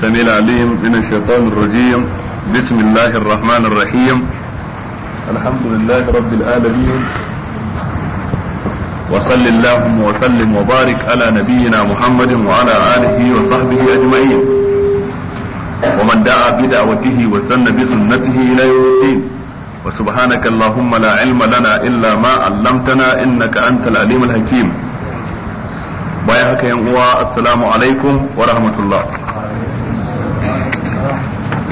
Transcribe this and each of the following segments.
السميع العليم من الشيطان الرجيم بسم الله الرحمن الرحيم الحمد لله رب العالمين وصل اللهم وسلم وبارك على نبينا محمد وعلى آله وصحبه أجمعين ومن دعا بدعوته وسن بسنته إلى يوم الدين وسبحانك اللهم لا علم لنا إلا ما علمتنا إنك أنت العليم الحكيم بايعك يا السلام عليكم ورحمة الله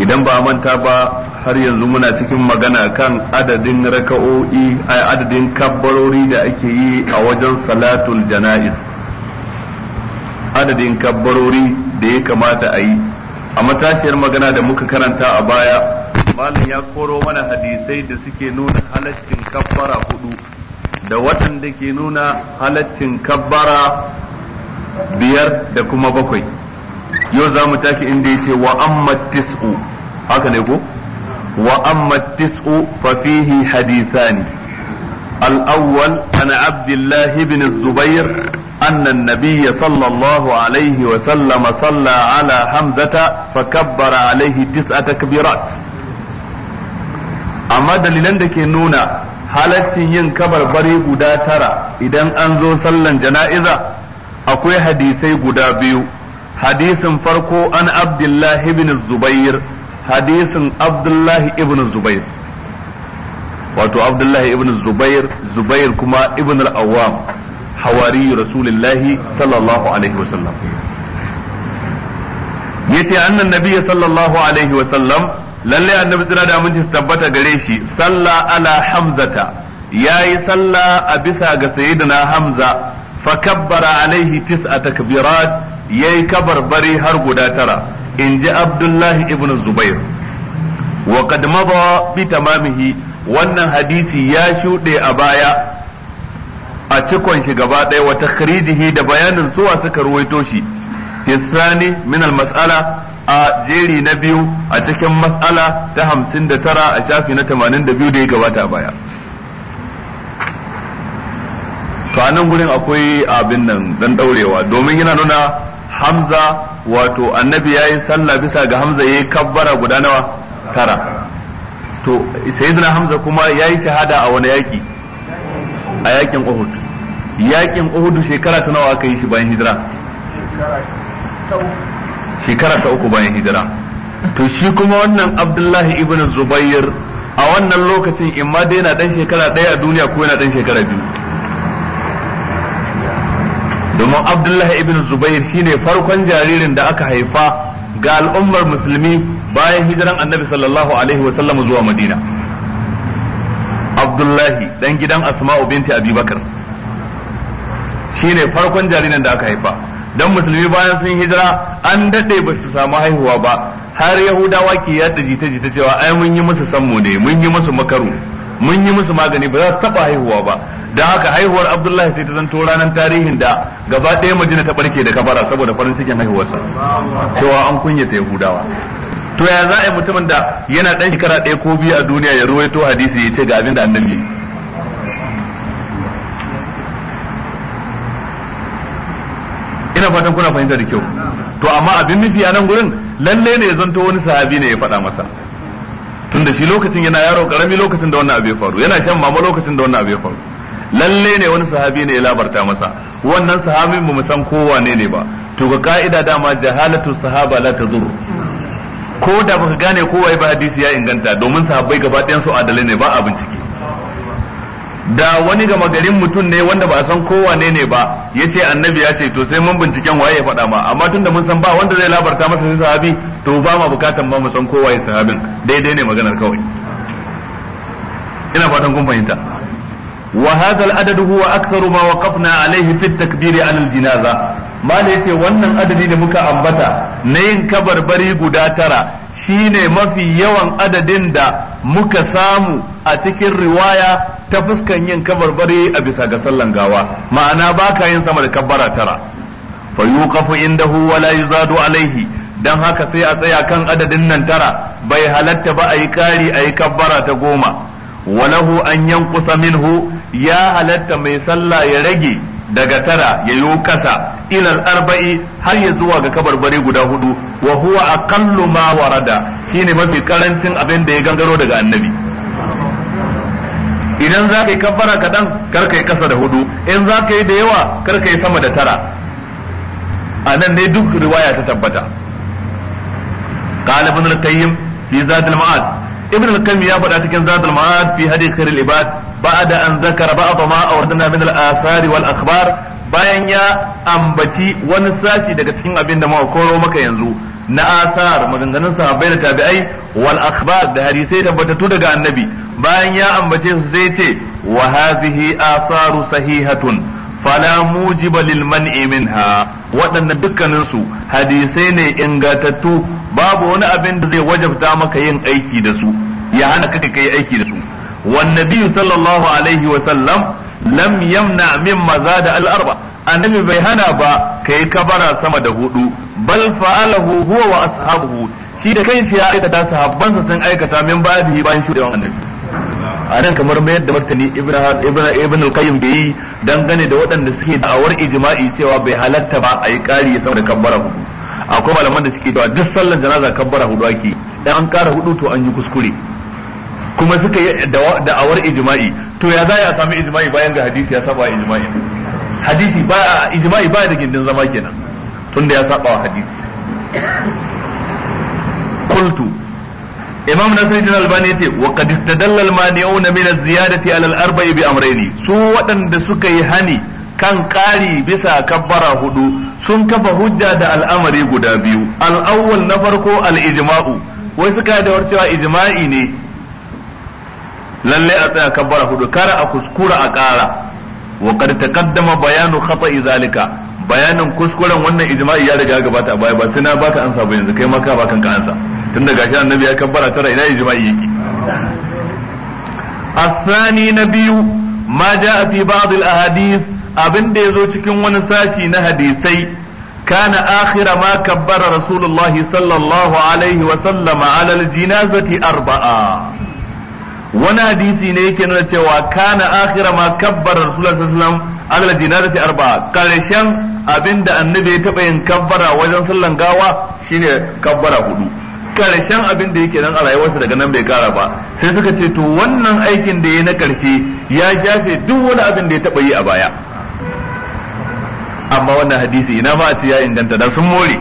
idan ba manta ba har yanzu muna cikin magana kan adadin raka'o'i adadin kabbarori da ake yi a wajen salatul jana'iz adadin kabbarori da ya kamata a yi a matashiyar magana da muka karanta a baya malam ya koro mana hadisai da suke nuna halaccin kabbara hudu da waɗanda ke nuna halaccin kabbara biyar da kuma bakwai yau za mu tashi inda yace wa amma tis'u haka ne ko wa amma tis'u fa fihi hadithani الأول عن an الله بن الزبير أن النبي صلى الله عليه وسلم صلى على حمزة فكبر عليه تسع تكبيرات أما دليلا دك نونا halaccin yin kabar bari guda tara idan an zo sallan jana'iza akwai hadisai guda biyu hadisin farko an abdullah ibn zubair hadisin abdullah ibn zubair wato abdullah ibn zubair zubair kuma ibn al-awwam hawari rasulullahi sallallahu alaihi wasallam yace annan nabiy sallallahu alaihi wasallam lalle annabi tsira da aminci su tabbata gare shi salla ala hamzata yayi salla a bisa ga sayyidina hamza fa kabbara alaihi tis'a takbirat yayi bari har guda tara in ji abdullahi ibnu zubair wa kad mada bi tamamihi wannan hadisi ya shuɗe a baya a cikon shi gaba ɗaya wa takhrijihi da bayanin suwa suka ruwaito shi tisani min al mas'ala a jeri na biyu a cikin mas'ala ta hamsin da tara a shafi na tamanin da biyu da ya gabata baya to a nan gurin akwai abin nan dan daurewa domin yana nuna hamza wato annabi yayi sallah bisa ga hamza yayi kabbara guda nawa tara to sayyidina hamza kuma yayi shahada a wani yaki a yakin uhud yakin uhud shekara ta nawa aka yi shi bayan hijira shekara ta uku bayan hijira to shi kuma wannan abdullahi ibn zubair a wannan lokacin imma dai yana dan shekara ɗaya a duniya ko yana dan shekara biyu domin abdullahi ibn zubair shine farkon jaririn da aka haifa ga al'ummar musulmi bayan hijiran annabi sallallahu alaihi wa sallam zuwa madina abdullahi dan gidan asma'u binti abubakar shine farkon jaririn da aka haifa dan musulmi bayan sun hijira an dade ba su samu haihuwa ba har yahudawa ke yadda jita-jita cewa ai mun yi musu sammu ne mun yi musu makaru mun yi musu magani ba za su taba haihuwa ba da haka haihuwar abdullahi sai ta zanto ranar tarihin da gaba ɗaya majina ta barke da kafara saboda farin cikin haihuwarsa cewa an kunya ta yahudawa to ya za a yi mutumin da yana ɗan shekara ɗaya ko biyu a duniya ya ruwaito hadisi ya ce ga abin da annabi ina fatan kuna fahimta da kyau to amma abin nufi a nan gurin lalle ne ya zanto wani sahabi ne ya faɗa masa Tun da shi lokacin yana yaro karami lokacin da wannan abu ya faru yana shan mama lokacin da wannan abu ya faru lalle ne wani sahabi ne ya labarta masa wannan sahabin mu san kowa ne ne ba to ga ka'ida dama jahalatu sahaba la tazur ko da baka gane kowa ba hadisi ya inganta domin sahabbai gaba ɗayan su adalai ne ba a bincike da wani gama garin mutum ne wanda ba a san kowa ne ne ba ya ce annabi ya ce to sai mun binciken waye ya faɗa ma amma tun da mun san ba wanda zai labarta masa sai sahabi to ba ma bukatan ba mu san kowa ya sahabin daidai ne maganar kawai ina fatan kun fahimta adadu huwa هو أكثر ما وقفنا عليه في التكبير عن الجنازة ما yace wannan adadi da muka ambata na yin kabarbari guda tara shine mafi yawan adadin da muka samu a cikin riwaya ta fuskan yin kabarbari a bisa ga sallan gawa ma'ana baka yin sama da kabbara tara fa yuqafu indahu wa la yuzadu alaihi dan haka sai a tsaya kan adadin nan tara bai halatta ba a yi kari a yi kabbara ta goma walahu an yankusa minhu ya halatta mai sallah ya rage daga tara ya yi kasa ilal arba'i har ya zuwa ga kabarbare guda hudu wa huwa aqallu ma warada shine mafi karancin abin da ya gangaro daga annabi idan za ka yi kabbara kaɗan kar ka yi kasa da hudu in za ka yi da yawa kar ka yi sama da tara a nan ne duk riwaya ta tabbata Ƙalibin ابن fi في maad ibn al ya faɗa cikin zadul ma'ad fi hadi khairil da ba'da an zakara ba'd ma awradna min al wal akhbar bayan ya ambaci wani sashi daga cikin abin da koro maka yanzu na asar maganganun sahabbai da tabi'ai wal akhbar da hadisai tabbatattu daga annabi bayan ya ambace su zai ce wa hadhihi asaru sahihatun fala mujiba lil man'i minha waɗannan dukkanin su hadisai ne ingantattu. babu wani abin da zai wajabta maka yin aiki da su ya hana ka kai aiki da su wan nabiyyu sallallahu alaihi wa sallam lam yamna min mazada al arba annabi bai hana ba kai kabara sama da hudu bal fa'alahu huwa wa ashabuhu shi da kanshi ya aikata sahabbansa sun aikata min babihi bayan da annabi a nan kamar mayar da martani ibn al-qayyim bai dangane da waɗanda suke da da'awar ijma'i cewa bai halatta ba ayi kari sama da kabara hudu akwai malaman da suke cewa duk sallan janaza kabbara hudu ake dan an kara hudu to an yi kuskure kuma suka yi da'awar ijma'i to ya za a sami ijma'i bayan ga hadisi ya saba ijma'i hadisi ba ijma'i ba da gindin zama kenan tunda ya saba wa hadisi qultu imam ibn albani yace wa qad istadalla al maniuna min az-ziyadati ala al-arba'i bi amrayni su waɗanda suka yi hani kan ƙari bisa kabbara hudu sun kafa hujja da al'amari guda biyu al'awwal na farko al'ijima'u wai suka yi da cewa ijima'i ne lalle a tsaya kabbara hudu kara a kuskura a ƙara wa qad taqaddama bayanu khata'i zalika bayanin kuskuren wannan ijma'i ya riga gabata baya ba sai na baka ansa ba yanzu kai ma ka baka ka ansa Tun daga shi annabi ya kabbara tara ina ijma'i yake na الثاني نبي ما جاء في بعض الأحاديث abin da ya zo cikin wani sashi na hadisai kana akhira ma kabbara rasulullah sallallahu alaihi wa sallama alal aljinazati arba'a wani hadisi ne yake nuna cewa kana akhira ma kabbara rasulullah sallallahu ala aljinazati arba'a karshen abin da annabi ya taba yin kabbara wajen sallan gawa shine kabbara hudu karshen abin da yake nan a rayuwarsa daga nan bai kara ba sai suka ce to wannan aikin da ya na karshe ya shafe duk wani abin da ya taba yi a baya amma wannan hadisi ina ma a ce ya inganta da sun more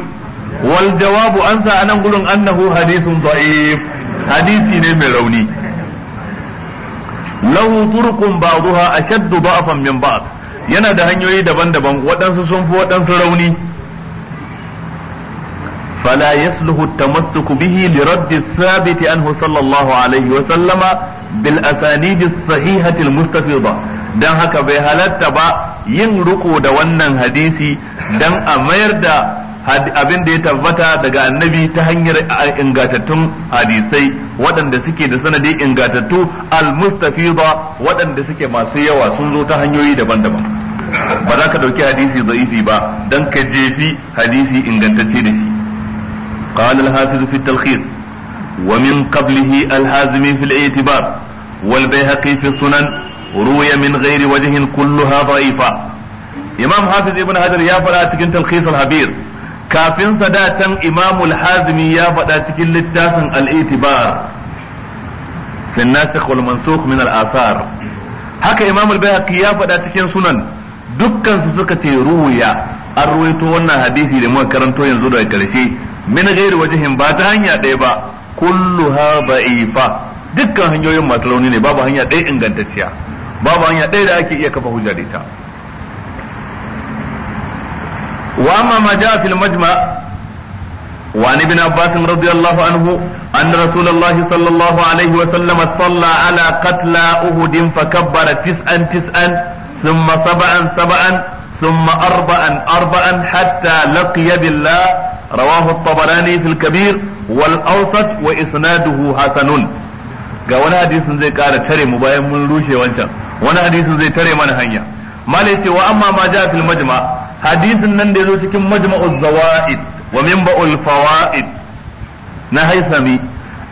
wal jawabu an sa anan gurin annahu hadisun da'if hadisi ne mai rauni lahu turqun ba'daha ashaddu da'afan min ba'd yana da hanyoyi daban-daban waɗansu sun fi waɗansu rauni فلا يصلح التمسك به لرد الثابت عنه صلى الله عليه وسلم بالأسانيد الصحيحة المستفيضة don haka bai halatta ba yin riko da wannan hadisi don a mayar da abin da ya tabbata daga annabi ta hanyar ingantattun hadisai waɗanda suke da sanadi ingantattu ba waɗanda suke masu yawa sun zo ta hanyoyi daban-daban ba za ka ɗauki hadisi za'ifi ba don ka jefi hadisi ingantacce da shi قال الحافظ في التلخيص ومن قبله الحازمي في الاعتبار والبيهقي في السنن ruya min ghairi wajhin kulluha dha'ifa imam hafiz ibn hajar ya faɗa cikin talkhis al-habir kafin sadatan imam al-hazimi ya faɗa cikin littafin al-itibar fi an-nasikh wal mansukh min al-athar haka imam al-bayhaqi ya fada cikin sunan dukkan su suka ce ruya an ruwaito wannan hadisi da muka karanto yanzu daga karshe min ghairi wajhin ba ta hanya ɗaya ba kulluha da'ifa dukkan hanyoyin masu rauni ne babu hanya ɗaya ingantacciya babu hanya ɗaya da ake iya kafa hujja da ita wa amma ma jaa fil majma wa an ibn abbas radiyallahu anhu anna rasulullahi sallallahu alaihi wa sallam salla ala qatla uhud fa kabbara tis'an tis'an thumma sab'an sab'an thumma arba'an arba'an hatta laqiya billah rawahu tabarani fil wal awsat wa isnaduhu hasanun ga wani hadisin zai kara tare mu bayan mun rushe wancan wani hadisin zai tare mana hanya malai ce wa amma ma ja fil majma hadisin nan da yazo cikin majma'uz zawaid wa minba'ul fawaid na haisami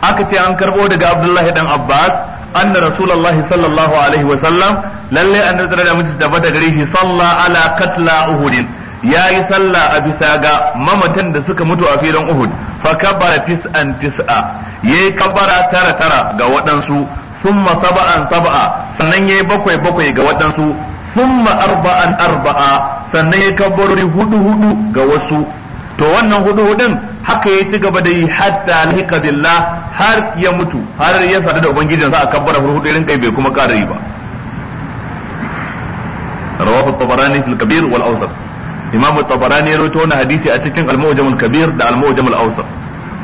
aka ce an karbo daga abdullahi dan abbas anna rasulullahi sallallahu alaihi wa sallam lalle annabi da mutum tabbata gari shi salla ala katla uhudin ya yi sallah a bisa ga mamatan da suka mutu a filin Uhud fa kabara tis'an tis'a yayi kabara tara tara ga waɗansu ثم saba'an saba'a sannan yayi bakwai bakwai ga waɗansu ثم arba'an arba'a sannan yayi kabbarori hudu hudu ga wasu to wannan hudu hudun haka yayi ci gaba da yi hatta alhiqa billah har ya mutu har ya sadu da ubangijin sa a kabbara hudu hudu irin kai bai kuma ƙara yi ba rawahu tabarani fil kabir wal awsat imamu tabarani ya rawaito wannan hadisi a cikin al-mu'jam al-kabir da al-mu'jam al-awsat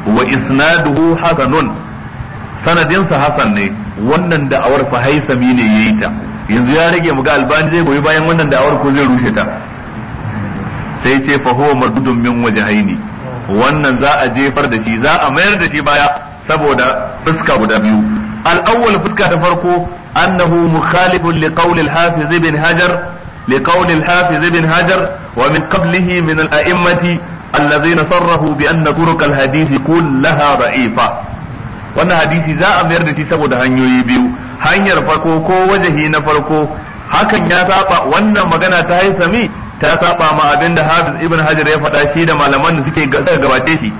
wa isnaduhu hasanun sanadinsa hasan ne wannan da'awar fa haisami ne yayi ta yanzu ya rage mu ga albani zai goyi bayan wannan da'awar ko zai rushe ta sai ce fa huwa mardudun min wajhaini wannan za a jefar da shi za a mayar da shi baya saboda fuska guda biyu al-awwal fuska ta farko annahu mukhalifun li qawli al-hafiz ibn hajar li qawli al-hafiz ibn hajar wa min qablihi min al-a'immati الذين صرفوا بأن طرق الحديث kullaha ra'ifa. wannan hadisi za a mayar da shi saboda hanyoyi biyu hanyar farko ko wajahi na farko hakan ya saba wannan magana ta haisami ta saba ma abinda Hafiz Ibn Hajar ya faɗa shi da malaman da suke gabace shi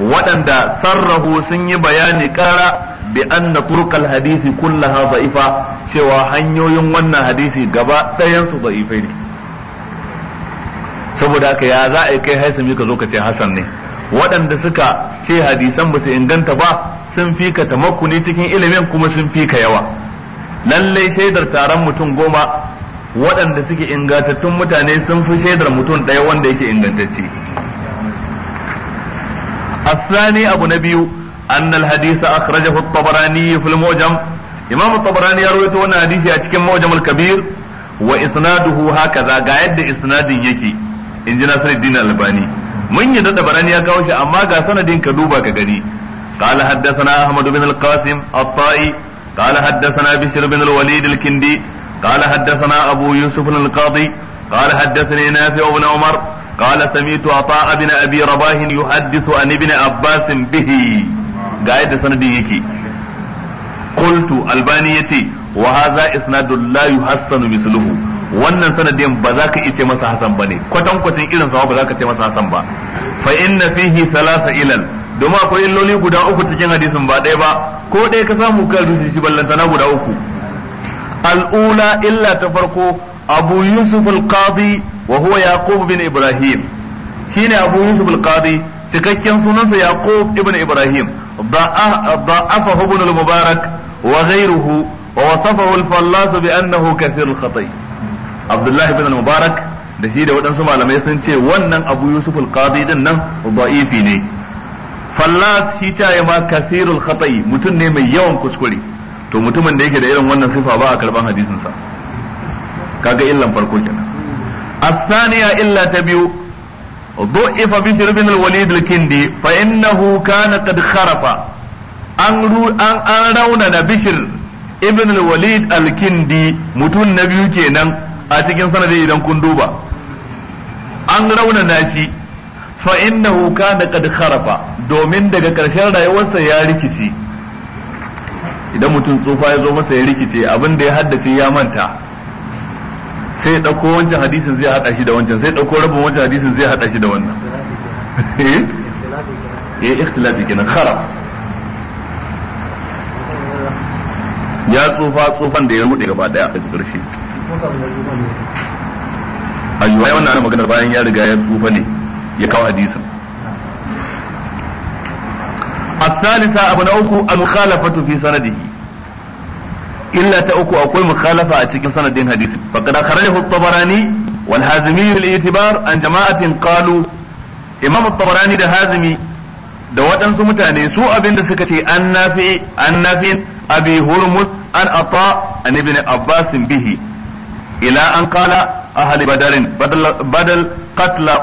waɗanda sarrahu sun yi bayani ƙara bi anna turqal hadisi kullaha dha'ifa cewa hanyoyin wannan hadisi gaba ɗayan su da'ifai ne saboda haka ya za a kai haisami ka zo ka ce hasan ne waɗanda suka ce hadisan ba su inganta ba sun fi ka cikin ilimin kuma sun fi ka yawa lallai shaidar taron mutum goma waɗanda suke ingantattun mutane sun fi shaidar mutum ɗaya wanda yake ingantacce asani abu na biyu an alhadisa akhrajahu rajahu tabarani fil mujam imam tabarani ya rawaito wannan hadisi a cikin mujam al-kabir wa isnaduhu hakaza ga yadda isnadin yake in ji albani mun yi da tabarani ya kawo shi amma ga sanadin ka duba ka gani قال حدثنا أحمد بن القاسم الطائي قال حدثنا بشر بن الوليد الكندي قال حدثنا أبو يوسف القاضي قال حدثني نافع بن عمر قال سمعت عطاء بن أبي رباح يحدث عن ابن عباس به قاعد سندي يكي قلت الباني يتي وهذا إسناد لا يحسن مثله wannan sanadin ba za ka ice masa hasan ba ne kwatankwacin irin sa ba za ka ce masa hasan ba fa inna fihi thalatha ilal domin akwai illoli guda uku cikin hadisin ba ɗaya ba ko ɗaya ka samu kan rufe shi ballantana guda uku al'ula illa ta farko abu yusuf al-qadi wa huwa yaqub bin ibrahim shine abu yusuf al-qadi cikakken sunansa yaqub ibn ibrahim mubarak wa wa ابن al-fallas bi annahu kathir al الخطي abdullah ibn al-mubarak da shi da waɗansu malamai sun ce wannan abu yusuf al-qadi din nan da'ifi ne fallas shi ta yi ma kasirul khatai mutum ne mai yawan kuskure to mutumin da yake da irin wannan sifa ba a karban hadisinsa. sa kaga illan farko kenan asaniya illa ta biyu do Bishir bi sirbin walid al-kindi fa kana kad an ru arauna da bishir ibn al-walid al-kindi mutum nabiyu kenan a cikin sanadin idan kun duba an rauna shi. fa innahu kana qad kharafa domin daga karshen rayuwarsa ya rikice idan mutum tsufa ya zo masa ya rikice abin da ya haddace ya manta sai dauko wancan hadisin zai hada shi da wancan sai dauko rabin wancan hadisin zai hada shi da wannan eh? eh ikhtilafi kenan kharaf ya tsufa tsufan da ya rubuta gaba daya a karshe ayyuwa wannan ana maganar bayan ya riga ya tsufa ne ya kawo hadisin الثالثة أبو أخو المخالفة في سنده إلا تأكو أقول مخالفة أتشكل سند حديث فقد أخرجه الطبراني والهازمي بالاعتبار عن جماعة قالوا إمام الطبراني ده هازمي da waɗansu mutane su abin da suka ce an nafi an nafin abi hurmus an ata an ibn bihi ila an qala ahli badarin badal katla qatla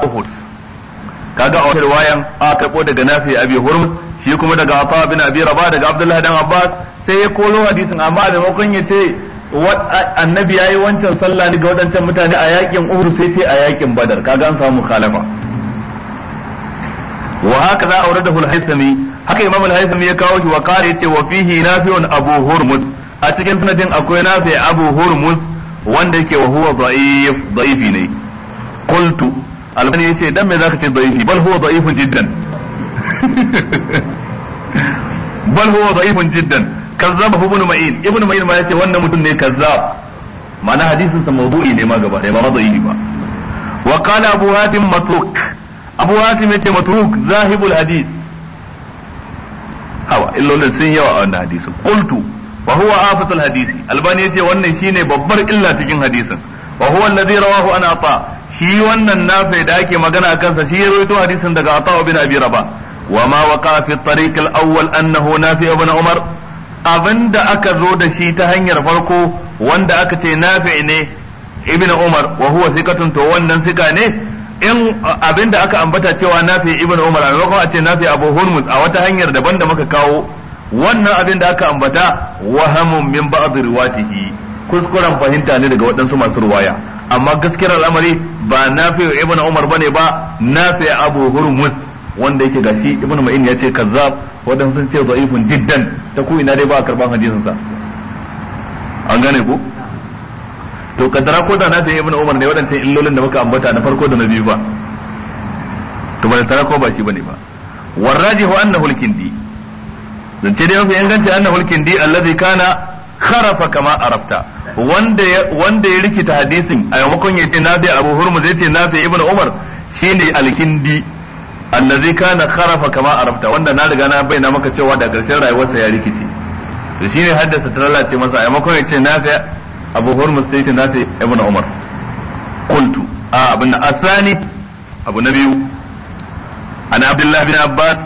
kaga a wata riwayan a karbo daga nafi abi hurmus shi kuma daga afa bin abi raba daga abdullahi dan abbas sai ya kolo hadisin amma da makon ya ce annabi yayi wancan sallah ne ga wadancan mutane a yakin uhud sai ce a yakin badar kaga an samu khalafa wa haka za auradahu al-haythami haka imam al-haythami ya kawo shi wa kare yace wa fihi nafi'un abu hurmus a cikin sanadin akwai nafi abu hurmus wanda yake wa huwa da'if da'ifi ne qultu albani ce dan me zaka ce da'ifi bal huwa da'ifun jiddan bal huwa da'ifun jiddan kazzaba ibn ma'in ibn ma'in ma yace wannan mutum ne kazzab ma'ana hadisin sa mawdu'i ne ma gaba ɗaya ba da'ifi ba wa qala abu hatim matruk abu hatim yace matruk zahibul hadith hawa illolin sun yawa a wannan hadisin qultu wa huwa afatul hadisi albani yace wannan shine babbar illa cikin hadisin wa huwa alladhi rawahu an ata shi wannan nafi da ake magana kansa shi ya rawaito hadisin daga Atha bin Abi Rabah wa ma waqa fi at-tariq al-awwal annahu nafi ibn Umar abinda aka zo da shi ta hanyar farko wanda aka ce nafi ne ibn Umar wa huwa thiqatun to wannan thiqa ne in abinda aka ambata cewa nafi ibn Umar a lokacin a ce nafi Abu Hurmuz a wata hanyar daban da muka kawo wannan abinda aka ambata wahamun min ba'd riwatihi kuskuren fahimta ne daga waɗansu masu ruwaya amma gaskiyar al'amari ba nafi'u ibnu umar bane ba nafi' abu hurmus wanda yake gashi ibnu ma'in ya ce kazzab wadan sun ce da'ifun jiddan ta ku ina dai ba a karban hadisin sa an gane ku to kaddara ko da nafi' ibnu umar ne wadancan illolin da muka ambata na farko da na biyu ba to ba tara ba shi bane ba warrajihu annahu al-kindi zance dai mafi inganci annahu al-kindi allazi kana kharafa kama arafta wanda wanda ya rikita hadisin a makon ya ce nafi abu hurmuz ya ce nafi Ibn umar shine alkindi annazi kana kharafa kama arafta wanda na riga na bayyana maka cewa da karshen rayuwarsa ya rikice to shine haddasa ta ce masa a maimakon ya ce nafi abu hurmuz sai ce nafi Ibn umar qultu a abin asani abu na biyu an abdullahi bin abbas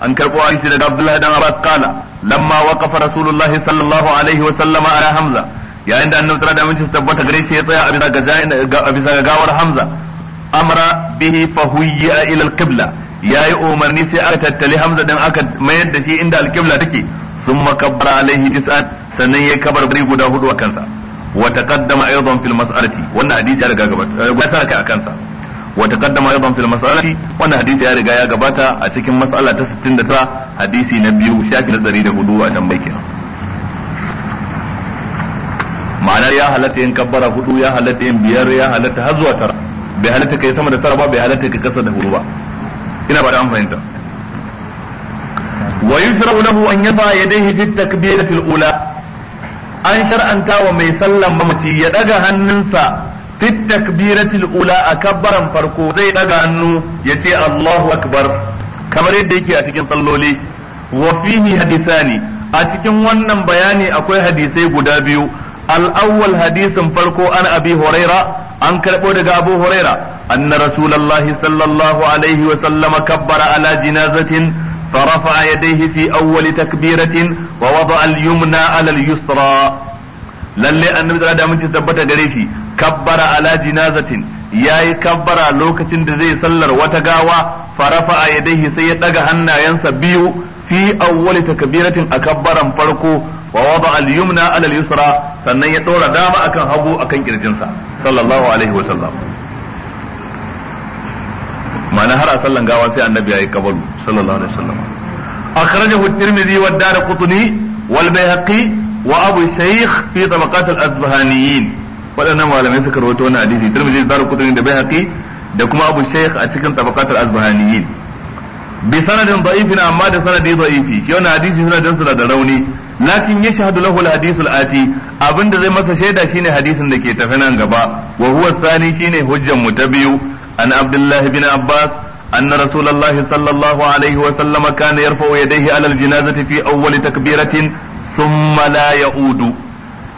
an karbo aisha daga abdullahi dan abbas kala lamma waqafa rasulullahi sallallahu alaihi wa sallama ala hamza yayin da annabi sallallahu alaihi wasallam tabbata gare shi ya tsaya a bisa ga a bisa ga gawar Hamza amara bihi fa huyya ila al-qibla yayi umarni sai aka tattali Hamza dan aka mayar da shi inda al-qibla take summa kabbara alaihi tis'at sannan ya kabar bari guda hudu a kansa wa taqaddama aidan fil mas'alati wannan hadisi ya riga gabata ya sarka a kansa wa taqaddama aidan fil mas'alati wannan hadisi ya riga ya gabata a cikin mas'ala ta 69 hadisi na biyu shafi na 104 a can bai kenan ma'anar ya halatta yin kabbara hudu ya halatta yin biyar ya halatta har zuwa tara bai halatta kai sama da tara ba bai halatta kai kasa da hudu ba ina ba da an fahimta wa yusra'u lahu an yaba yadayhi fi takbirati al-ula an shar'anta wa mai sallan mamaci ya daga hannunsa fi takbirati al-ula a kabbaran farko zai daga hannu ya ce Allahu akbar kamar yadda yake a cikin salloli wa fihi hadithani a cikin wannan bayani akwai hadisai guda biyu al-awwal hadisin farko an abi huraira an karɓo daga abu huraira anna rasulullahi sallallahu alaihi فرفع يديه في أول تكبيرة ووضع اليمنى على اليسرى lalle annabi da damin ci tabbata gare shi kabbara ala jinazatin yayi kabbara lokacin da zai sallar wata gawa farafa yadaihi sai ya daga hannayensa biyu fi awwali takbiratin a kabbaran farko wa wada al yumna ala al yusra sannan ya dora dama akan hagu akan kirjinsa sallallahu alaihi wa sallam ma'ana har a sallan gawa sai annabi yi kabalu sallallahu alaihi wa sallam akhrajahu at-tirmidhi wa dar qutni wal bayhaqi wa abu shaykh fi tabaqat al-asbahaniyin wadannan malamai suka rawaito wannan hadisi tirmidhi da qutni da bayhaqi da kuma abu shaykh a cikin tabaqat al-asbahaniyin bi sanadin da'ifin amma da sanadi da'ifi shi wannan hadisi suna da rauni lakin yashhadu lahu al-hadith al-ati abinda zai masa shaida shine hadisin da ke tafi nan gaba wa huwa thani shine hujjan mu ta biyu an abdullahi bin abbas أن رسول الله صلى الله عليه وسلم كان يرفع يديه على الجنازة في أول takbiratin ثم لا ya'udu.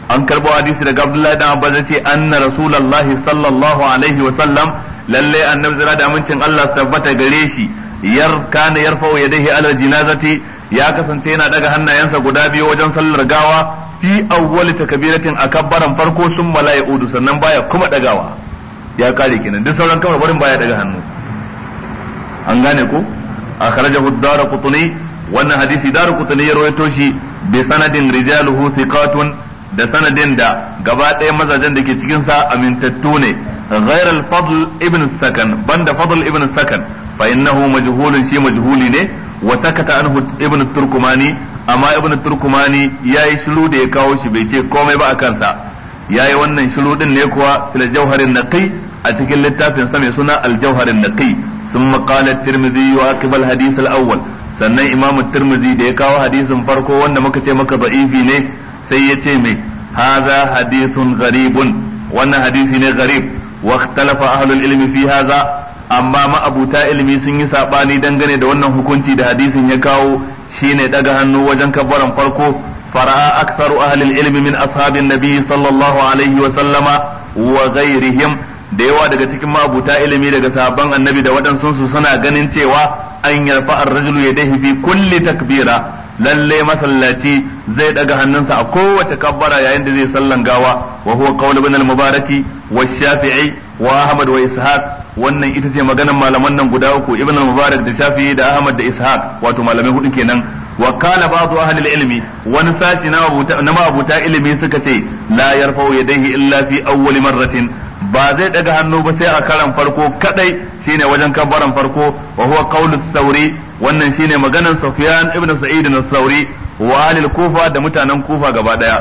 an karbo hadisi daga Abdullahi bin Abbas yace anna Rasulullahi sallallahu alaihi wa sallam lalle annabi zira da amincin Allah tabbata gare shi yar kana yarfa'u yadayhi ala jinazati ya kasance yana daga hannayensa guda biyu wajen sallar gawa fi awwali takbiratin a farko sun udu sannan baya kuma dagawa ya kare kenan duk sauran barin baya daga hannu an gane ko kharaja ad qutni wannan hadisi qutni ya rawaito shi bi sanadin rijaluhu thiqatun da sanadin da gaba ɗaya mazajen da ke cikin sa amintattu ne Rairal Fadl ابن banda بند فضل sakan fa innahu majhulun shi majhuli ne wasakata sakata anhu ibn turkumani amma ibn turkumani yayi shiru da ya kawo shi bai ce komai ba a kansa yayi wannan shiru din ne kuwa fil jawharin naqi a cikin littafin sa mai suna al jawharin naqi thumma qala at-tirmidhi wa aqbal awwal sannan imam at-tirmidhi da ya kawo hadisin farko wanda muka ce maka da'ifi ne sai ya ce mai hadha hadithun gharibun wannan hadisi ne gharib واختلف أهل ilmi fi haza. amma ma'abuta ilimi sun yi saɓani dangane da wannan hukunci da hadisin ya kawo shine ɗaga hannu wajen kabbaran farko fara'a aksaru ahli ilmi min ashabin nabi sallallahu alaihi wa sallama wa ghairihim da yawa daga cikin ma'abuta ilimi daga sahabban annabi da waɗansu su suna ganin cewa an yarfa ar-rajulu yadayhi fi kulli takbira lalle masallaci zai daga hannunsa a kowace kabbara yayin da zai sallan gawa wa huwa qawl ibn al-mubaraki wa shafi'i wa Ahmad wa Ishaq wannan ita ce maganar malaman nan guda uku Ibn al-Mubarak da Shafi'i da Ahmad da Ishaq wato malamai hudu kenan wa kana ba'du ahli al-ilmi wani sashi na mabuta na mabuta ilimi suka ce la yarfa'u yadayhi illa fi awwal marratin ba zai daga hannu ba sai a karan farko kadai shine wajen kabbaran farko wa huwa qawlu thawri wannan shine maganar Sufyan ibn Sa'id al-Thawri wa ahli al-Kufa da mutanen Kufa gaba daya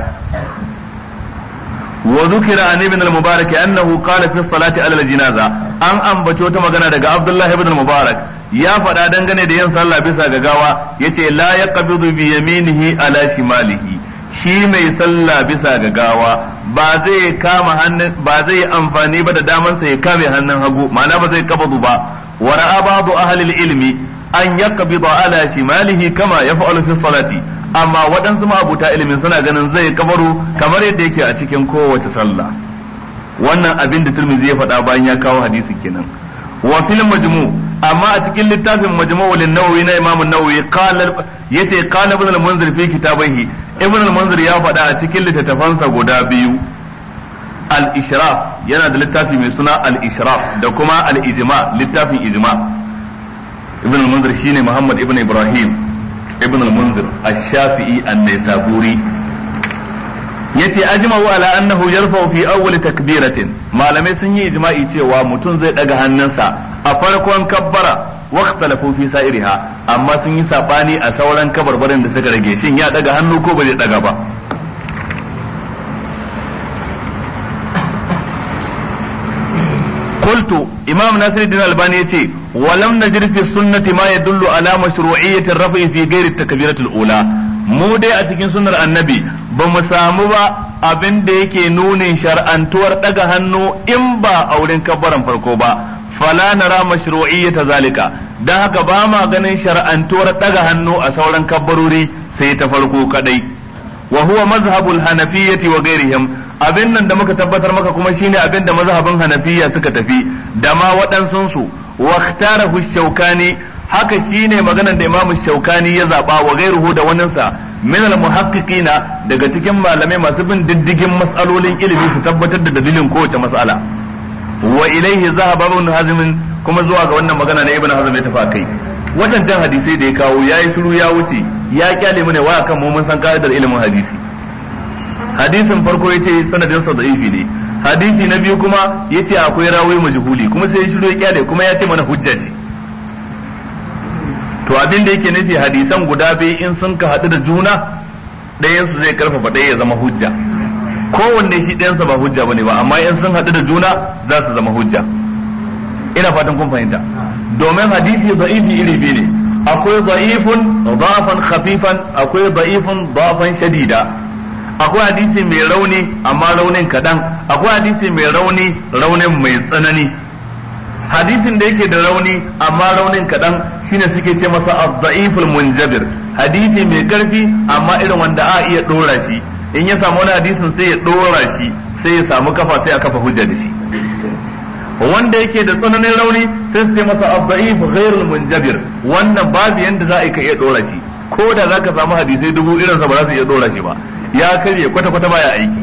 wa zukira an ibn mubarak annahu qala fi salati ala al-janaza an ambace wata magana daga abdullahi ibn mubarak ya faɗa dangane da yin sallah bisa ga gawa yace la yaqbidu bi yaminihi ala shimalihi shi mai sallah bisa ga gawa ba zai kama amfani ba da damansa ya kame hannun hagu ma'ana ba zai kabadu ba wa ra'a ba'du ilimi al-ilmi an yaqbidu ala shimalihi kama yaf'alu fi salati amma waɗansu ma'abuta ilimin suna ganin zai kabaru kamar yadda yake a cikin kowace sallah wannan abin da turmi ya faɗa bayan ya kawo hadisi kenan wa fil majmu amma a cikin littafin majmu wal nawawi na imam an-nawawi qala yace qala ibn al-munzir fi kitabaihi ibn al-munzir ya faɗa a cikin littattafansa guda biyu al-ishraf yana da littafi mai suna al-ishraf da kuma al-ijma littafin ijma ibn al-munzir shine muhammad ibn ibrahim ابن المنذر munzir النيسابوري shafii an yace ajma'u ala annahu yarfa'u fi awwal takbiratin malamai sun yi ijma'i cewa mutum zai daga hannunsa a farkon kabbara waqtalafu fi sa'iriha amma sun yi sabani a sauran kabarbarin da suka rage shin ya daga hannu ko ba zai daga ba qultu imam nasiruddin albani yace ولم نجد في السنة ما يدل على مشروعية الرفع في غير التكبيرة الأولى mu dai a cikin sunar annabi ba mu samu ba abin da yake nunin shar'antuwar daga hannu in ba a wurin kabbaran farko ba fala nara ta zalika dan haka ba ma ganin shar'antuwar daga hannu a sauran kabbarori sai ta farko kadai wa huwa mazhabul hanafiyyati wa ghairihim abin nan da muka tabbatar maka kuma shine abin da mazhabin hanafiya suka tafi da ma waɗansu su واختاره الشوكاني haka shine maganar da Imam Shaukani ya zaba wa gairuhu da waninsa min al-muhaqqiqina daga cikin malamai masu bin diddigin masalolin ilimi su tabbatar da dalilin kowace mas'ala wa ilaihi zahaba ibn hazm kuma zuwa ga wannan magana na ibn hazm ya tafi kai wadannan hadisai da ya kawo yayi shiru ya wuce ya kyale mu ne wa kan mu mun san ka'idar ilimin hadisi hadisin farko yace sanadin sa da'ifi ne hadisi na biyu kuma ya ce akwai rawai majhuli kuma sai shiru ya kyale kuma ya ce mana hujja ce to abin da yake nufi hadisan guda biyu in sun ka haɗu da juna ɗayan su zai karfafa ɗaya ya zama hujja kowanne shi ɗayansa ba hujja bane ba amma in sun haɗu da juna za su zama hujja ina fatan kun fahimta domin hadisi da'ifi iri biyu ne akwai da'ifun da'afan khafifan akwai da'ifun da'afan shadida akwai hadisi mai rauni amma raunin kadan akwai hadisi mai rauni raunin mai tsanani hadisin da yake da rauni amma raunin kadan shine suke ce masa az munjabir hadisi mai karfi amma irin wanda a iya dora shi in ya samu wani hadisin sai ya dora shi sai ya samu kafa sai a kafa hujja da shi wanda yake da tsananin rauni sai su ce masa abda'if ghairul munjabir wannan babu yanda za a iya dora shi ko da zaka samu hadisai dubu irin sa ba za su iya dora shi ba ya karye kwata kwata baya aiki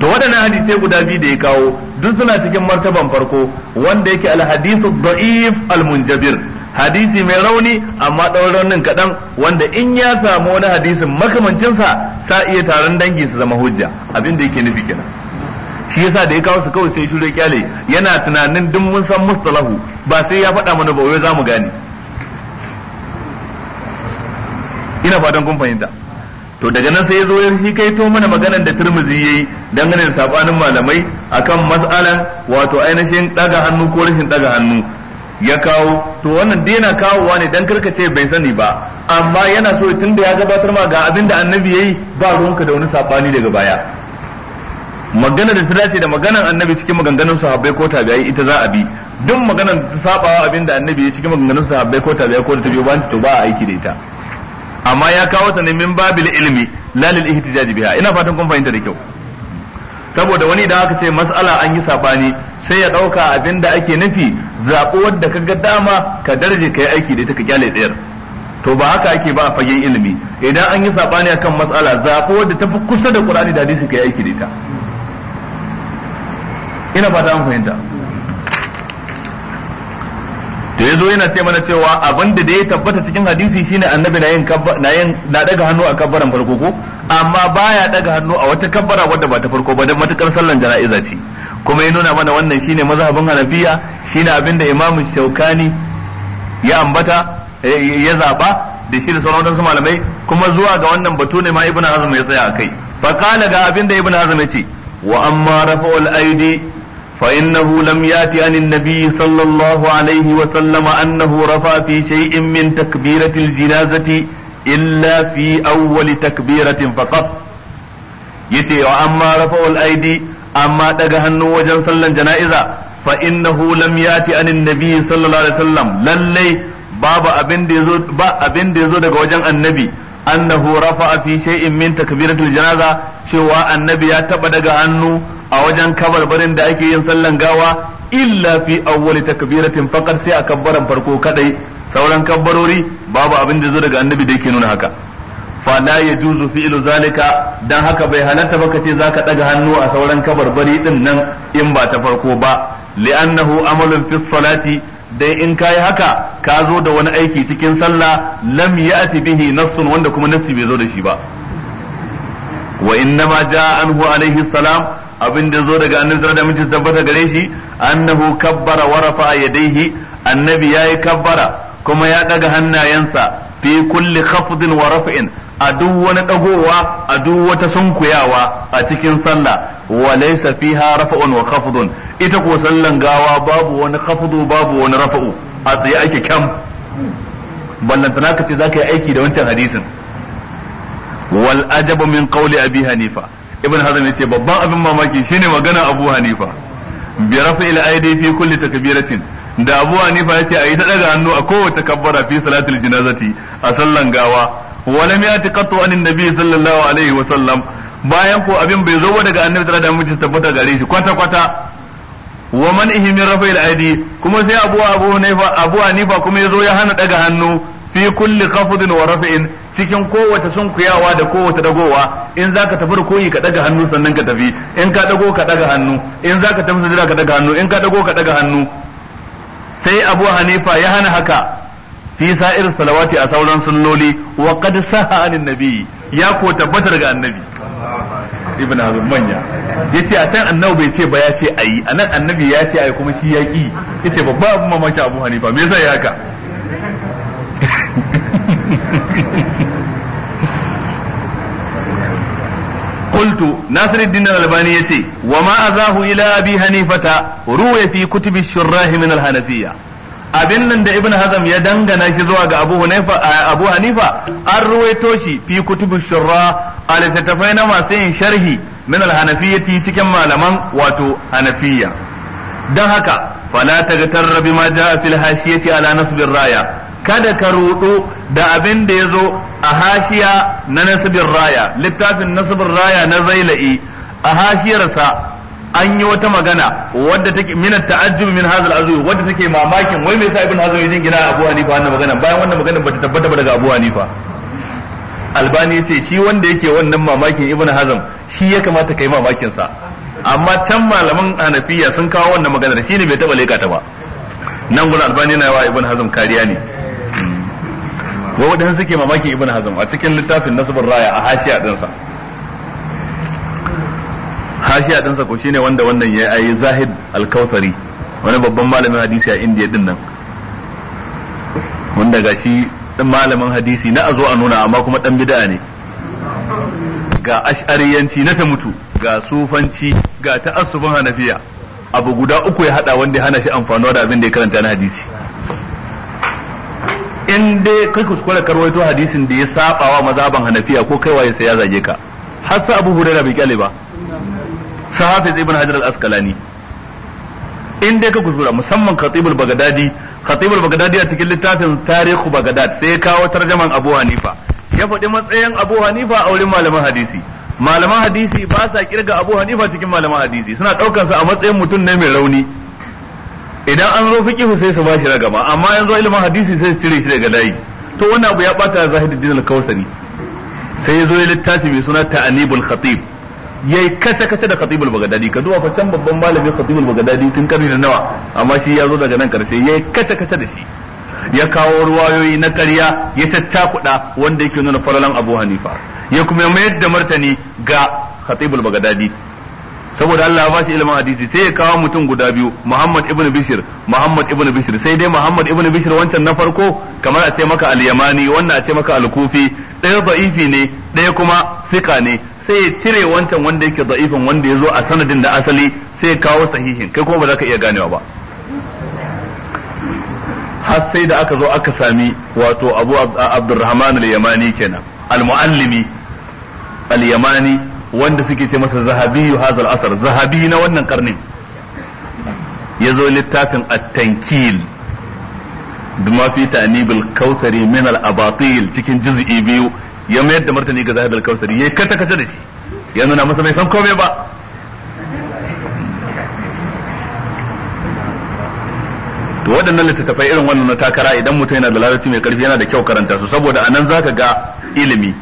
to waɗannan hadisai guda biyu da ya kawo duk suna cikin martaban farko wanda yake alhadisu da'if almunjabir hadisi mai rauni amma ɗaurin raunin kaɗan wanda in ya samu wani hadisin makamancinsa sa iya taron dangi su zama hujja abin da yake nufi kenan shi yasa da ya kawo su kawai sai shure kyale yana tunanin duk mun san mustalahu ba sai ya faɗa mana ba wai za mu gane ina fatan kun fahimta to daga nan sai ya zo shi kai to mana maganar da turmuzi yi dangane ganin sabanin malamai akan mas'alan wato ainihin daga hannu ko rashin daga hannu ya kawo to wannan dai yana kawowa ne dan karkace bai sani ba amma yana so da ya gabatar ma ga abin da annabi yayi ba ruwanka da wani sabani daga baya magana da ta dace da maganar annabi cikin maganganun sahabbai ko tabi'ai ita za a bi duk maganar ta sabawa abin da annabi ya cikin maganganun sahabbai ko tabi'ai ko da ta biyo ba to ba a aiki da ita amma ya kawo ta ne min babil ilmi la lil ihtijaj biha ina fatan kun fahimta da kyau saboda wani idan aka ce mas'ala an yi sabani sai ya dauka abinda ake nufi zaɓo wanda ka dama ka darje kai aiki da ita ka kyale tsayar to ba haka ake ba a fagen ilimi idan an yi sabani akan mas'ala zaɓo wanda tafi kusa da Qur'ani da hadisi kai aiki da ita ina fata an fahimta to zo yana ce mana cewa abinda da ya tabbata cikin hadisi shine annabi na yin na yin na daga hannu a kabbaran farko ko amma baya daga hannu a wata kabbara wadda ba ta farko ba dan matukar sallan jana'iza ce kuma ya nuna mana wannan shine mazhabin Hanafiya shine abinda da Imam Shaukani ya ambata ya zaba da shi da sauran wadansu malamai kuma zuwa ga wannan batu ne ma Ibn Hazm ya tsaya akai fa kana ga abin da Ibn Hazm ce wa amma rafa'ul aidi فإنه لم يأت عن النبي صلى الله عليه وسلم أنه رفع في شيء من تكبيرة الجنازة إلا في أول تكبيرة فقط يتي وأما رفع الأيدي أما تجهن وجن صلى جنائزة فإنه لم يأتي عن النبي صلى الله عليه وسلم للي باب أبن ديزو دقى وجن النبي أنه رفع في شيء من تكبيرة الجنازة شواء النبي يتبدأ عنه a wajen kabarbarin da ake yin sallan gawa illa fi awwali takbiratin faqat sai a kabbaran farko kadai sauran kabbarori babu abin da zo daga annabi da yake nuna haka fa la yajuzu fi'lu zalika dan haka bai halatta ba kace zaka daga hannu a sauran kabarbari din nan in ba ta farko ba li'annahu amalun fi salati dai in kai haka ka zo da wani aiki cikin sallah lam ya'ti bihi nassun wanda kuma nassi bai zo da shi ba wa inna ma anhu alaihi salam abin da zo daga annabi sallallahu alaihi wasallam tabbata gare shi annahu kabbara wa rafa yadayhi annabi yayi kabbara kuma ya daga hannayensa fi kulli khafdin wa raf'in a duk wani dagowa a duk wata sunkuyawa a cikin sallah wa laysa fiha raf'un wa khafdun ita ko sallan gawa babu wani khafdu babu wani rafa'u a tsaye ake kyam ballantana ka ce zaka yi aiki da wancan hadisin wal ajabu min qawli abi hanifa ibn hazm yace babban abin mamaki shine magana abu hanifa bi ila aidi fi kulli takbiratin da abu hanifa yace ayi ta daga hannu a kowace kabbara fi salatul janazati a sallan gawa walam yati qatu anin nabi sallallahu alaihi wa sallam bayan ko abin bai zo daga annabi da mutum tabbata gare shi kwata kwata wa man ihmin ila aidi kuma sai abu abu hanifa abu hanifa kuma yazo ya hana daga hannu fi kulli khafdin wa raf'in cikin kowace sunkuyawa da kowace dagowa in zaka tafi koyi ka daga hannu sannan ka tafi in ka dago ka daga hannu in zaka tafi sujada ka daga hannu in ka dago ka daga hannu sai Abu Hanifa ya hana haka fi sa'ir salawati a sauran sunnoli wa qad saha anin nabi ya ko tabbata daga annabi ibn hazm manya yace a can annabi bai ce ba ya ce ayi anan annabi ya ce ayi kuma shi ya yace babba abun mamaki Abu Hanifa me yasa ya haka قلت ناصر الدين الألباني يتي وما أذاه إلى أبي حنيفة روي في كتب الشراه من الحنفية abin nan da ibn hazam ya dangana shi zuwa ga abu hanifa abu hanifa an ruwaito shi fi kutubu shurra a littattafai na masu yin sharhi min alhanafiyyati cikin malaman wato hanafiya dan haka fala tagtarra ma jaa fil hasiyati ala nasbir raya kada ka rudu da abin da ya zo a hashiya na nasibin raya littafin nasibin raya na zaila'i a hashiyarsa an yi wata magana wadda take min ta'ajjub min hadha al-azwi wadda take mamakin wai me yasa ibn hazm ya gina abu hanifa wannan magana bayan wannan magana bata tabbata ba daga abu hanifa albani yace shi wanda yake wannan mamakin ibn hazm shi ya kamata kai mamakin sa amma can malaman hanafiya sun kawo wannan maganar shine bai taba leka ta ba nan gurin albani na yawa ibn hazm kariya ne wa wadan suke mamakin ibnu hazm a cikin littafin nasibin raya a hashiya ɗinsa hashiya ɗinsa ko shine wanda wannan ya yi zahid alkawthari wani babban malamin hadisi a indiya din nan wanda gashi ɗin malamin hadisi na a a nuna amma kuma ɗan bida'a ne ga ash'ariyanci na ta mutu ga sufanci ga ta'assubin hanafiya abu guda uku ya hada wanda ya hana shi amfanuwa da abin da ya karanta na hadisi in dai kai kuskure karwaito hadisin da ya saba wa mazhaban hanafiya ko kai waye sai ya zage ka har sa abu hurairah bai kyale ba sahabi ibn hajar al-asqalani in dai ka kuskura musamman khatibul bagdadi khatibul bagdadi a cikin littafin tarihu bagdad sai ya kawo tarjaman abu hanifa ya faɗi matsayin abu hanifa a wurin malaman hadisi malaman hadisi ba sa kirga abu hanifa cikin malaman hadisi suna sa a matsayin mutum ne mai rauni idan an zo fiqhu sai su ba shi ragaba amma yanzu ilimin hadisi sai su cire shi daga layi to wannan abu ya bata zahiduddin al-kausari sai ya zo ya littafi mai suna ta'anibul khatib yayi kata kata da khatibul bagdadi ka duba can babban malami khatibul bagdadi tun karni na nawa amma shi ya zo daga nan karshe yayi kata kata da shi ya kawo ruwayoyi na ƙarya ya tattakuɗa wanda yake nuna falalan Abu Hanifa ya kuma mayar da martani ga Khatibul bagdadi saboda Allah ba shi ilimin hadisi sai ya kawo mutum guda biyu Muhammad ibn Bishir Muhammad ibn Bishir sai dai Muhammad ibn Bishr wancan na farko kamar a ce maka al-Yamani wannan a ce maka al-Kufi ɗaya da'ifi ne ɗaya kuma sika ne sai ya cire wancan wanda yake da'ifin wanda ya zo a sanadin da asali sai ya kawo sahihin kai kuma ba za ka iya ganewa ba har sai da aka zo aka sami wato Abu Abdurrahman al-Yamani kenan al-Muallimi al-Yamani wanda suke ce masa zahabiyu hazal asar zahabi na wannan karnin ya zo littafin at-tankil bima fi ta'nibil kautari min al cikin juz'i biyu ya mayar da martani ga zahid al-kautari yayi kata kata da shi ya nuna masa bai san komai ba to waɗannan littattafai irin wannan na takara idan mutum yana da lalaci mai karfi yana da kyau karanta su saboda anan zaka ga ilimi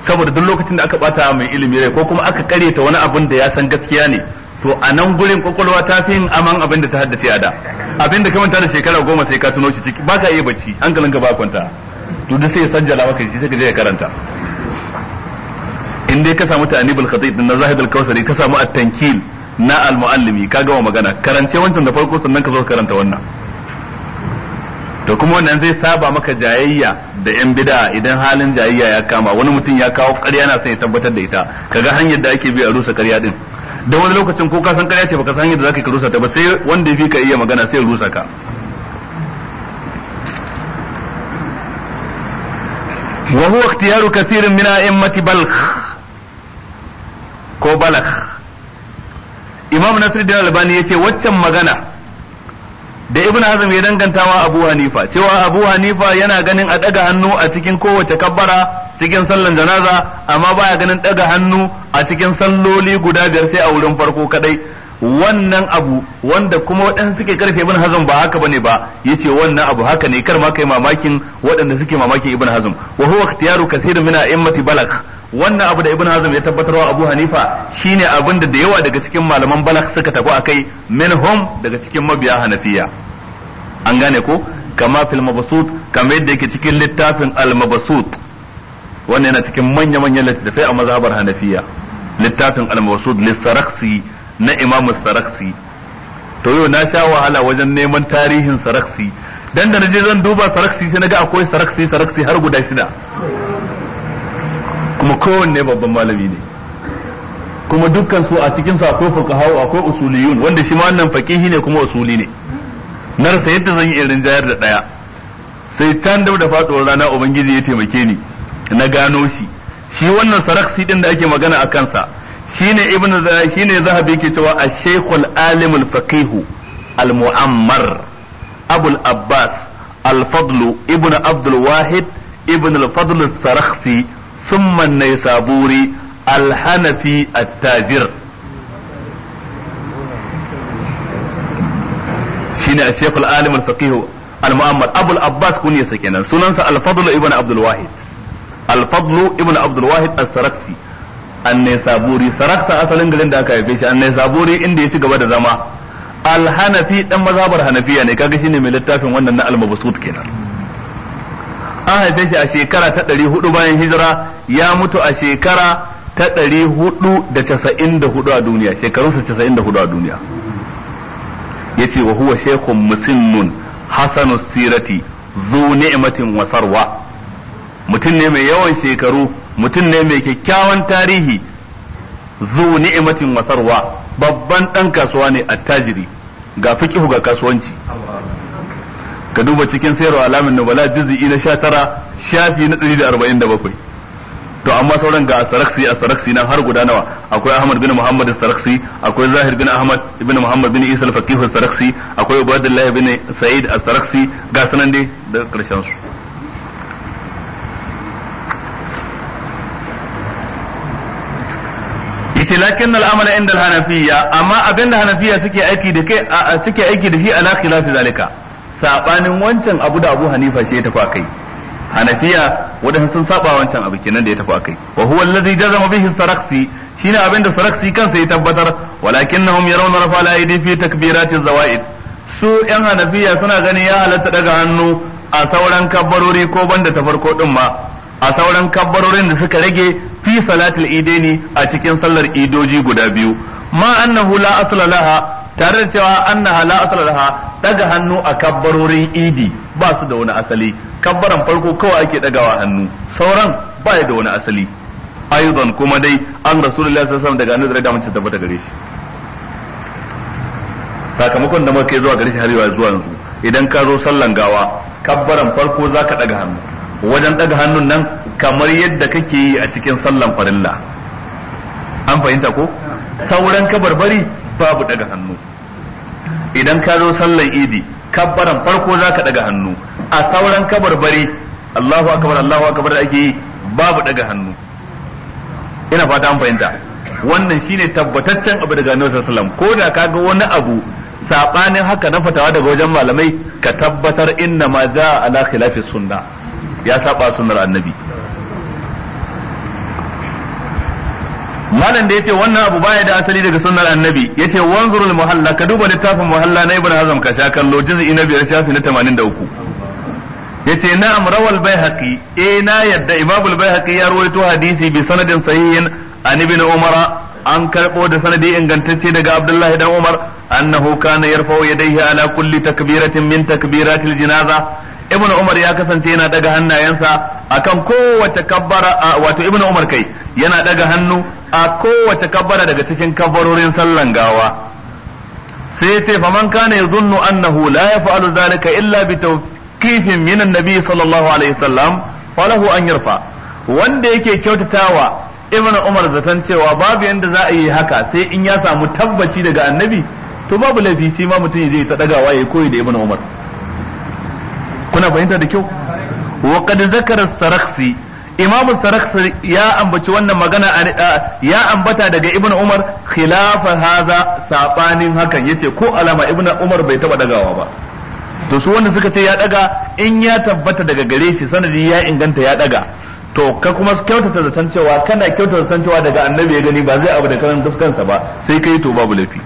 saboda duk lokacin da aka bata mai ilimi rai ko kuma aka ta wani abin da ya san gaskiya ne to a nan gurin kwakwalwa ta fi yin aman abin da ta haddace a da abin da ka manta da shekara goma sai ka tuno shi ciki ba ka iya bacci hankalin ka ba kwanta to duk sai ya jala maka shi sai ka je ya karanta in dai ka samu ta'anibul khatib din na zahid al-kausari ka samu at-tankil na al-muallimi ka gama magana karance wancan da farko sannan ka zo karanta wannan to kuma wannan zai saba maka jayayya da yan bid'a idan halin jayayya ya kama wani mutum ya kawo ƙarya na son ya tabbatar da ita kaga hanyar da ake bi a rusa ƙarya din don wani lokacin ko ka san ƙarya ce baka san hanyar da zaka ka rusa ta ba sai wanda yafi ka iya magana sai rusa ka wa huwa ikhtiyaru kathirin min a'immati balkh ko balakh imam nasiruddin albani yace waccan magana da ibn azam ya dangantawa abu hanifa cewa abu hanifa yana ganin a daga hannu a cikin kowace kabbara cikin sallan janaza amma baya ganin daga hannu a cikin salloli guda biyar sai a wurin farko kadai wannan abu wanda kuma waɗanda suke karfe ibn hazm ba haka bane ba yace wannan abu haka ne kar ma kai mamakin waɗanda suke mamakin ibn hazm wa huwa ikhtiyaru kaseerin min a'immati balagh wannan abu da ibn hazm ya tabbatarwa abu hanifa shine abin da da yawa daga cikin malaman balak suka tafi akai minhum daga cikin mabiya hanafiya an gane ko kama fil mabsut kama yadda yake cikin littafin al mabsut wannan yana cikin manya manyan littafai a mazhabar hanafiya littafin al mabsut lisaraksi na imam saraksi to yau na sha wahala wajen neman tarihin saraksi dan da naje zan duba saraksi sai naga akwai saraksi saraksi har guda shida kuma kowanne babban malami ne kuma dukkan su a cikin sa akwai fuqahau akwai usuliyun wanda shi ma wannan faqihi ne kuma usuli ne na rasa yadda zan yi irin jayar da daya sai can da faɗuwar rana ubangiji ya taimake ni na gano shi shi wannan saraksi din da ake magana a kansa shine ibn shine zahabi yake cewa ash-shaykh al-alim faqih al-mu'ammar abul abbas al-fadl ibn abdul wahid ibn al-fadl as-sarakhsi ثم النيسابوري الحنفي التاجر شيني الشيخ العالم الفقيه المؤمل ابو العباس كوني سكينا سننسى الفضل ابن عبد الواحد الفضل ابن عبد الواحد السركسي النيسابوري سركسا أصلا قلن داكا يبيش النيسابوري اندي يتيك بدا زما الحنفي دم مذهبر حنفية يعني كاكي شيني من للتافي وانا المبسوط كينا an haife shi a shekara ta ɗari hudu bayan hijira ya mutu a shekara ta ɗari hudu da casa'in da hudu a duniya shekarunsa casa'in da hudu a duniya ya ce wa huwa shekun musimmun hasanu sirati zu ni'matin wasarwa mutum ne mai yawan shekaru mutum ne mai kyakkyawan tarihi zu ni'matin wasarwa babban ɗan kasuwa ne attajiri ga fikihu ga kasuwanci ka duba cikin sayarwa alamin nubala ina na 19 shafi na 147 to amma sauran ga saraksi a saraksi nan har guda nawa akwai ahmad bin muhammad saraksi akwai zahir bin ahmad ibn muhammad bin isa al-faqih saraksi akwai ubaydullah bin sa'id saraksi ga sanan dai da karshen su yace lakin al-amala inda al-hanafiya amma abinda hanafiya suke aiki da kai suke aiki da shi ala khilafi zalika sabanin wancan abu da abu hanifa shi ya tafi kai hanafiya wadansu sun saba wancan abu kenan da ya tafi akai wa huwa allazi jazama bihi saraksi shine abin da saraksi kansa ya tabbatar walakinnahum yarawna rafa al-aidi fi takbirati zawaid su yan hanafiya suna ganin ya halatta daga hannu a sauran kabbarori ko banda ta farko din ma a sauran kabbarorin da suka rage fi salatul idaini a cikin sallar idoji guda biyu ma annahu la asla tare da cewa annaha la asalaha daga hannu a kabbarorin idi ba su da wani asali kabbaran farko kawai ake dagawa hannu sauran ba da wani asali aidan kuma dai an rasulullahi sallallahu alaihi wasallam daga annabi da mace tabbata gare shi sakamakon da muka zuwa gare shi har zuwa yanzu idan ka zo sallan gawa kabbaran farko zaka daga hannu wajen daga hannun nan kamar yadda kake yi a cikin sallan farilla an fahimta ko sauran kabarbari babu daga hannu idan ka zo sallar idi kabbaran farko zaka daga hannu a sauran kabarbari Allahu akabar Allahu akabar da ake yi babu daga hannu ina fata an fahimta wannan shine tabbataccen abu daga Annabi sallallahu alaihi ko da kaga wani abu sabanin haka na fatawa daga wajen malamai ka tabbatar inna ma a ala khilafi sunna ya saba sunnar annabi malam da yace wannan abu baya da asali daga sunnar annabi yace wanzurul muhalla ka duba littafin muhalla na ibnu hazm ka sha kallo juz'i na biyar shafi na 83 yace na'am rawal baihaqi E, na yadda imamul baihaqi ya rawaito hadisi bi sanadin sahihin an ibnu umar an karbo da sanadi ingantacce daga abdullahi dan umar annahu kana yarfa'u yadayhi ala kulli takbiratin min takbiratil janaza ibnu umar ya kasance yana daga hannayensa akan kowace kabbara wato ibnu umar kai yana daga hannu a kowace kabbara daga cikin kabbarorin sallan gawa sai ce fa man kana yadhunnu annahu la yaf'alu zalika illa bi tawqifin min annabi sallallahu alaihi wasallam falahu an yarfa wanda yake kyautatawa ibn umar zaton cewa babu yanda za a yi haka sai in ya samu tabbaci daga annabi to babu laifi sai ma mutum zai ta dagawa ya koyi da ibn umar kuna fahimta da kyau wa qad zakara sarakhsi imamu sarakhsi ya ambaci wannan magana ya ambata daga ibnu umar khilafa haza sabanin hakan yace ko alama ibnu umar bai taba dagawa ba to su wanda suka ce ya daga in ya tabbata daga gare shi sanadi ya inganta ya daga to ka kuma kyautata zaton cewa kana kyautata zaton cewa daga annabi ya gani ba zai abu da karan fuskansa ba sai kai to babu laifi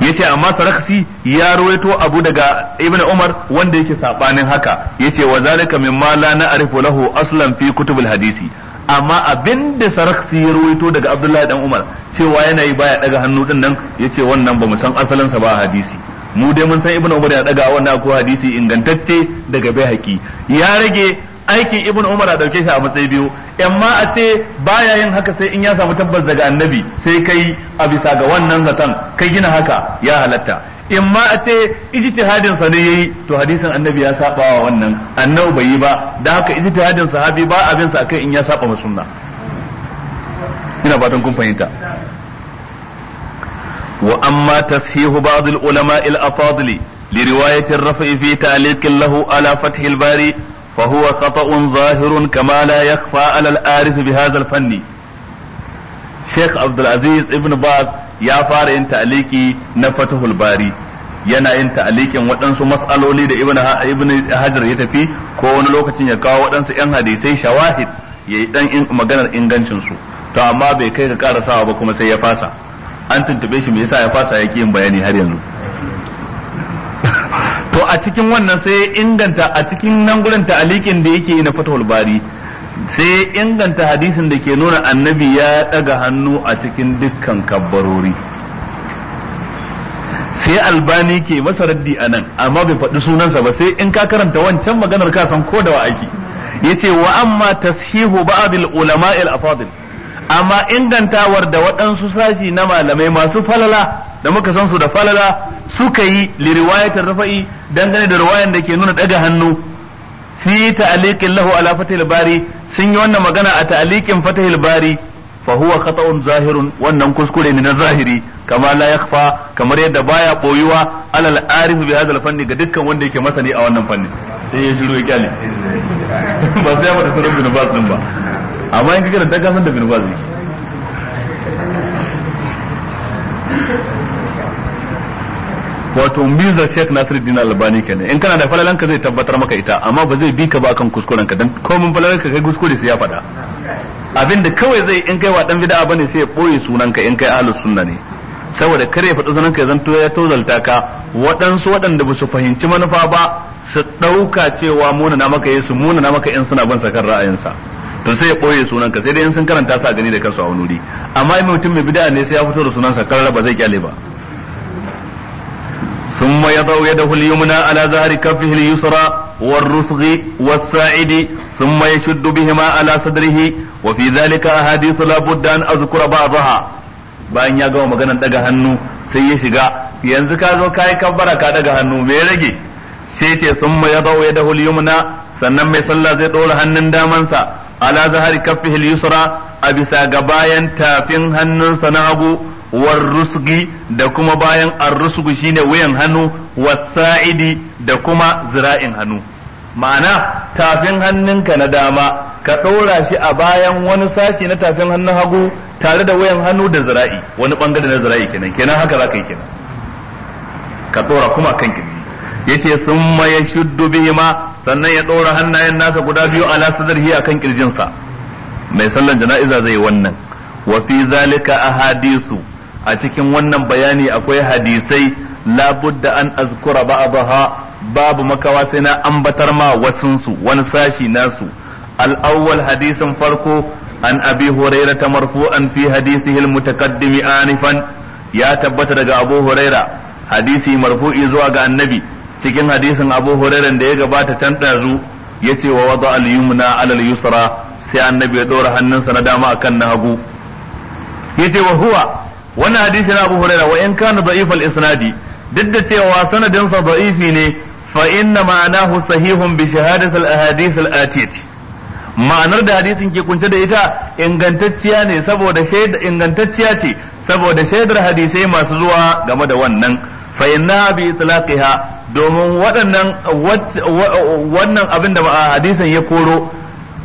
yace amma sarakasi ya ruwaito abu daga ibnu umar wanda yake sabanin haka yace wa zalika mimma la na'rifu lahu aslan fi kutubul hadisi amma abinda sarakasi ya ruwaito daga abdullahi dan umar cewa yana yi baya daga hannu din nan yace wannan bamu san asalin sa ba hadisi mu dai mun san ibnu umar ya daga wannan ko hadisi ingantacce daga bai ya rage aikin ibn umar a dauke shi a matsayi biyu amma a ce baya yin haka sai in ya samu tabbas daga annabi sai kai a bisa ga wannan zaton kai gina haka ya halatta in ma a ce ijtihadin sa ne yayi to hadisin annabi ya saba wa wannan annabi bai yi ba dan haka ijtihadin sahabi ba abin sa kai in ya saba ma sunna ina fatan kun fahimta wa amma tashihu ba'd al ulama al afadli li riwayat ar-raf'i fi ta'liq lahu ala fath bari فهو خطأ ظاهر كما لا يخفى على العارف بهذا الفن شيخ عبد العزيز ابن باز يا فار انت تعليقي نفته الباري yana yin ta'alikin waɗansu matsaloli da ibn hajar ya tafi ko wani lokacin ya kawo waɗansu 'yan hadisai shawahid ya yi ɗan maganar ingancinsu to amma bai kai ka sawa ba kuma sai ya fasa an tuntube shi me yasa ya fasa ya ƙi yin bayani har yanzu a cikin wannan sai ya inganta a cikin nan gurin ta'alikin da yake na fatahul bari sai ya inganta hadisin da ke nuna annabi ya daga hannu a cikin dukkan kabbarori sai albani ke masa raddi a nan amma bai faɗi sunansa ba sai in ka karanta wancan maganar ka san ko da wa yace wa amma tashihu ba'd al-ulama afadil amma ingantawar da waɗansu sashi na malamai masu falala da muka san su da falala suka yi li riwayatir rafa'i dangane da riwayan da ke nuna daga hannu fi ta'liqin lahu ala fathil bari sun yi wannan magana a ta'liqin fathil bari fa huwa khata'un zahirun wannan kuskure ne na zahiri kama la yakhfa kamar yadda baya boyuwa alal arif bi hadal fanni ga dukkan wanda yake masani a wannan fanni sai ya shiru ya kyale ba sai ya mata sunan bin bas din ba amma in kaga da daga san da bin bas ne wato Mirza Sheikh Nasiruddin Albani kenan in kana da falalan ka zai tabbatar maka ita amma ba zai bi ka ba kan kuskuren ka dan komin falalan ka kai kuskure sai ya faɗa abinda kawai zai in kai wa dan bid'a bane sai ya boye sunan ka in kai ahlus sunna ne saboda kare ya fada sunan ka zanto ya tozalta ka waɗansu waɗanda ba su fahimci manufa ba su ɗauka cewa munana maka yesu munana maka in suna ban sakar ra'ayinsa to sai ya ɓoye ka sai dai in sun karanta sa gani da kansu a wani wuri amma in mutum mai bid'a ne sai ya fito da sa karara ba zai kyale ba ثم يضع يده اليمنى على ظهر كفه اليسرى والرسغ والساعد ثم يشد بهما على صدره وفي ذلك أحاديث لا بد أن أذكر بعضها bayan ya gama maganar daga hannu sai ya shiga yanzu ka zo kai kabbara ka daga hannu me rage sai ce sun ma yadau da al-yumna sannan mai sallah zai dora hannun damansa ala zahari kaffihi yusra a bisa ga bayan tafin hannunsa na hagu war rusgi da kuma bayan ar shine wuyan hannu was-sa'idi da kuma zira'in hannu ma'ana tafin hannunka na dama ka ɗora shi a bayan wani sashi na tafin hannun hagu tare da wayan hannu da zira'i wani bangare na zira'i kenan kenan haka za ka yi kenan ka ɗora kuma kan kirji yace sun ma ya shuddu bihima sannan ya ɗora hannayen nasa guda biyu ala sadrihi akan kirjinsa mai sallan jana'iza zai wannan wa fi zalika ahadisu a cikin wannan bayani akwai hadisai labudda an azkura ba'daha babu makawa sai na ambatar ma wasunsu wani sashi nasu al-awwal hadisin farko an abi ta marfu'an fi hadisihi al-mutaqaddimi anifan ya tabbata daga abu huraira hadisi marfu'i zuwa ga annabi cikin hadisin abu huraira da ya gabata can ɗazu ya ce wa wada al-yumna al yusra sai annabi ya ɗora hannunsa na dama akan na hagu ya wa huwa wannan hadisi na Abu Hurairah wa in kana al isnadi duk da cewa sanadin sa da'ifi ne fa inna ma'anahu sahihun bi shahadati al ahadith al atiyati ma'anar da hadisin ke kunce da ita ingantacciya ne saboda shaida ingantacciya ce saboda shaidar hadisai masu zuwa game da wannan fa inna bi itlaqiha domin waɗannan wannan abin da hadisin ya koro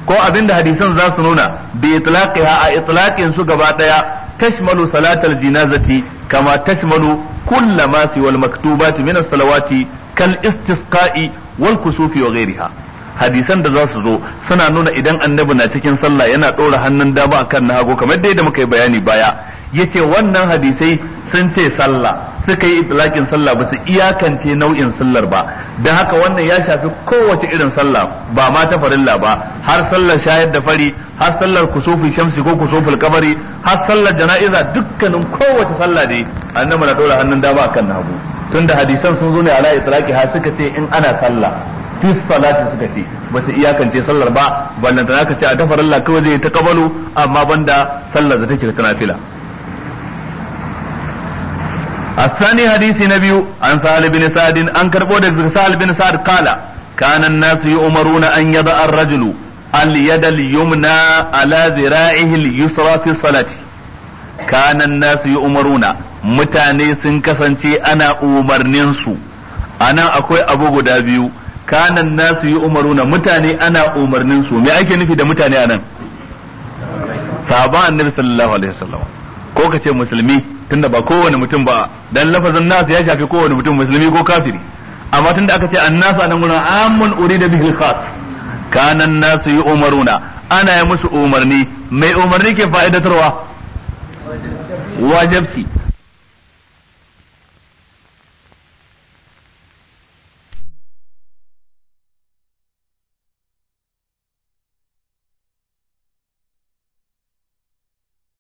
ko abin da hadisan za su nuna bi itlaqiha a itlaqin su gaba daya tashmalu صلاة الجنازة kama تشمل kulla ما في wal maktubati الصلوات كالاستسقاء salawati kal wal hadisan da za su zo suna nuna idan annabi na cikin sallah yana ɗora hannun dama akan na hagu kamar dai da muka yi bayani baya yace wannan hadisai sun ce sallah suka yi itilakin sallah ba su iyakance nau'in sallar ba don haka wannan ya shafi kowace irin sallah ba ma ta farilla ba har sallar shayar da fari har sallar kusufi shamsi ko kusufi kabari har sallar jana'iza dukkanin kowace sallah dai annabi na dora hannun dama akan hagu tunda hadisan sun zo ne ala itilaki har suka ce in ana sallah fi salati suka ce ba su iyakance sallar ba ballanta ka ce a tafarilla kawai zai ta kabalu amma banda sallar da take ta fila. الثاني حديث نبي عن سهل بن سعد عن كربو سهل بن سعد قال كان الناس يؤمرون أن يضع الرجل اليد اليمنى على ذراعه اليسرى في الصلاة كان الناس يؤمرون mutane sun kasance ana umarninsu ana akwai abu guda biyu kanan nasu yi umaruna mutane ana umarninsu me ake nufi da mutane anan sahaban annabi sallallahu alaihi wasallam ko kace musulmi tunda ba kowane mutum ba dan lafazin nasu ya shafi kowane mutum musulmi ko kafiri amma tunda aka ce annasu anan gurin amun urida bihi khas kana an yi yu'maruna ana ya musu umarni mai umarni ke fa'idatarwa wajibci